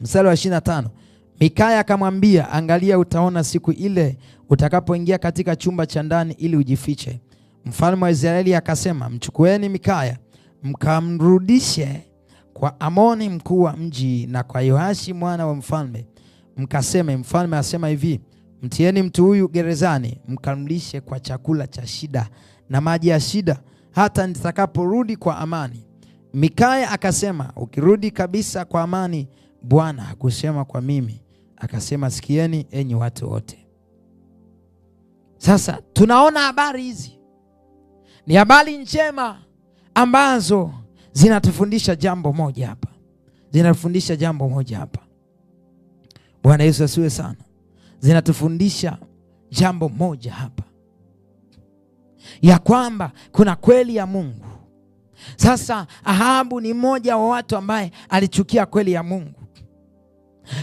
mstari wa ishirini tano Mikaya akamwambia, angalia, utaona siku ile utakapoingia katika chumba cha ndani ili ujifiche. Mfalme wa Israeli akasema, mchukueni Mikaya mkamrudishe kwa Amoni mkuu wa mji na kwa Yoashi mwana wa mfalme, mkaseme, mfalme asema hivi, mtieni mtu huyu gerezani, mkamlishe kwa chakula cha shida na maji ya shida, hata nitakaporudi kwa amani. Mikaya akasema, ukirudi kabisa kwa amani Bwana hakusema kwa mimi, akasema sikieni enyi watu wote. Sasa tunaona habari hizi ni habari njema ambazo zinatufundisha jambo moja hapa, zinatufundisha jambo moja hapa. Bwana Yesu asiwe sana, zinatufundisha jambo moja hapa ya kwamba kuna kweli ya Mungu. Sasa Ahabu ni mmoja wa watu ambaye alichukia kweli ya Mungu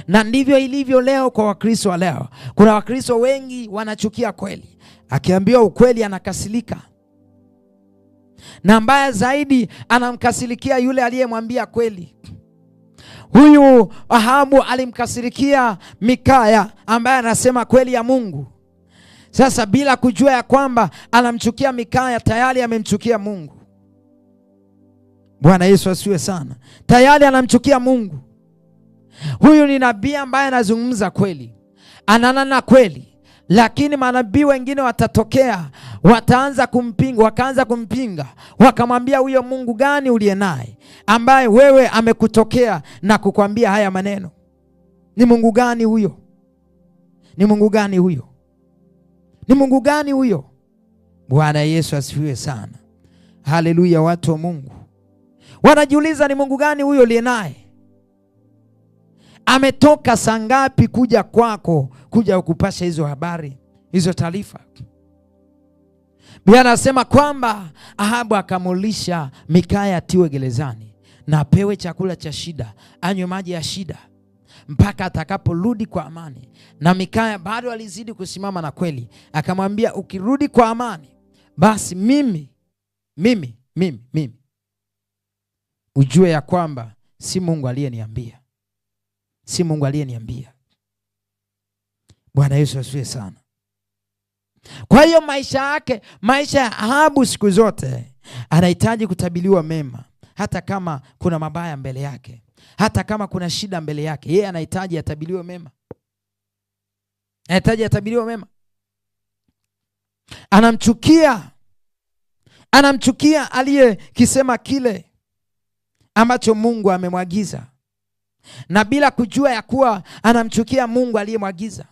na ndivyo ilivyo leo kwa Wakristo wa leo. Kuna Wakristo wengi wanachukia kweli, akiambiwa ukweli anakasilika, na mbaya zaidi anamkasirikia yule aliyemwambia kweli. Huyu Ahabu alimkasirikia Mikaya ambaye anasema kweli ya Mungu. Sasa bila kujua ya kwamba anamchukia Mikaya, tayari amemchukia Mungu. Bwana Yesu asiwe sana, tayari anamchukia Mungu. Huyu ni nabii ambaye anazungumza kweli, ananana kweli, lakini manabii wengine watatokea, wataanza kumpinga, wakaanza kumpinga, wakamwambia huyo Mungu gani uliye naye ambaye wewe amekutokea na kukwambia haya maneno? Ni Mungu gani huyo? Ni Mungu gani huyo? Ni Mungu gani huyo? Bwana Yesu asifiwe sana. Haleluya, watu wa Mungu wanajiuliza ni Mungu gani huyo uliye naye ametoka saa ngapi kuja kwako kuja kupasha hizo habari hizo taarifa? Biblia anasema kwamba Ahabu akamulisha Mikaya atiwe gerezani na apewe chakula cha shida, anywe maji ya shida mpaka atakaporudi kwa amani. Na Mikaya bado alizidi kusimama na kweli, akamwambia ukirudi kwa amani, basi mimi mimi mimi mimi ujue ya kwamba si Mungu aliyeniambia si Mungu aliyeniambia. Bwana Yesu asifiwe sana. Kwa hiyo maisha yake, maisha ya Ahabu siku zote anahitaji kutabiliwa mema, hata kama kuna mabaya mbele yake, hata kama kuna shida mbele yake, yeye anahitaji atabiliwe mema, anahitaji atabiliwe mema. Anamchukia, anamchukia aliyekisema kile ambacho Mungu amemwagiza na bila kujua ya kuwa anamchukia Mungu aliyemwagiza.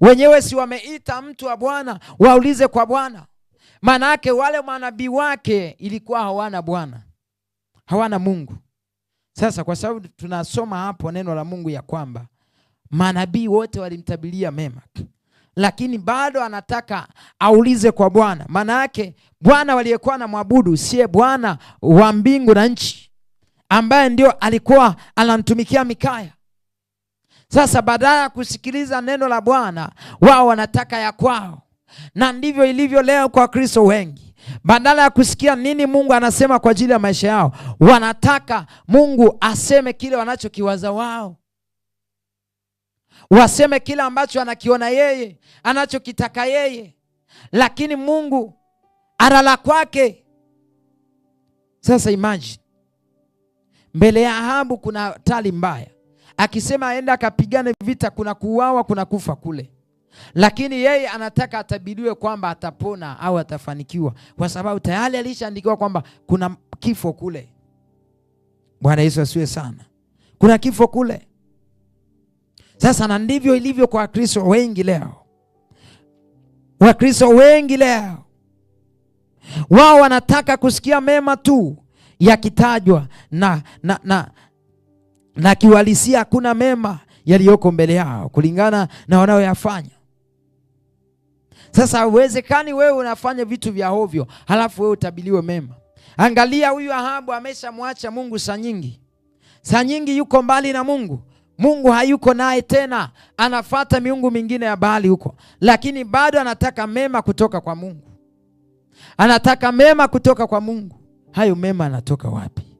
Wenyewe si wameita mtu wa Bwana, waulize kwa Bwana. Maana yake wale manabii wake ilikuwa hawana Bwana, hawana Mungu. Sasa kwa sababu tunasoma hapo neno la Mungu ya kwamba manabii wote walimtabilia mema, lakini bado anataka aulize kwa Bwana. Maana yake Bwana waliyekuwa na mwabudu siye Bwana wa mbingu na nchi ambaye ndio alikuwa anamtumikia Mikaya. Sasa badala ya kusikiliza neno la Bwana, wao wanataka ya kwao, na ndivyo ilivyo leo kwa Wakristo wengi badala ya kusikia nini Mungu anasema kwa ajili ya maisha yao, wanataka Mungu aseme kile wanachokiwaza wao, waseme kile ambacho anakiona yeye, anachokitaka yeye, lakini Mungu ana la kwake. Sasa imagine mbele ya Ahabu kuna tali mbaya, akisema aenda akapigane vita, kuna kuuawa, kuna kufa kule, lakini yeye anataka atabiriwe kwamba atapona au atafanikiwa, kwa sababu tayari alishaandikiwa kwamba kuna kifo kule. Bwana Yesu asiwe sana, kuna kifo kule. Sasa na ndivyo ilivyo kwa Wakristo wengi leo. Wakristo wengi leo wao wanataka kusikia mema tu yakitajwa na, na, na, na kiwalisia hakuna mema yaliyoko mbele yao kulingana na wanayoyafanya. Sasa uwezekani wewe unafanya vitu vya ovyo, halafu wewe utabiliwe mema. Angalia huyu Ahabu ameshamwacha Mungu saa nyingi, saa nyingi yuko mbali na Mungu. Mungu hayuko naye tena, anafata miungu mingine ya Baali huko, lakini bado anataka mema kutoka kwa Mungu, anataka mema kutoka kwa Mungu hayo mema yanatoka wapi?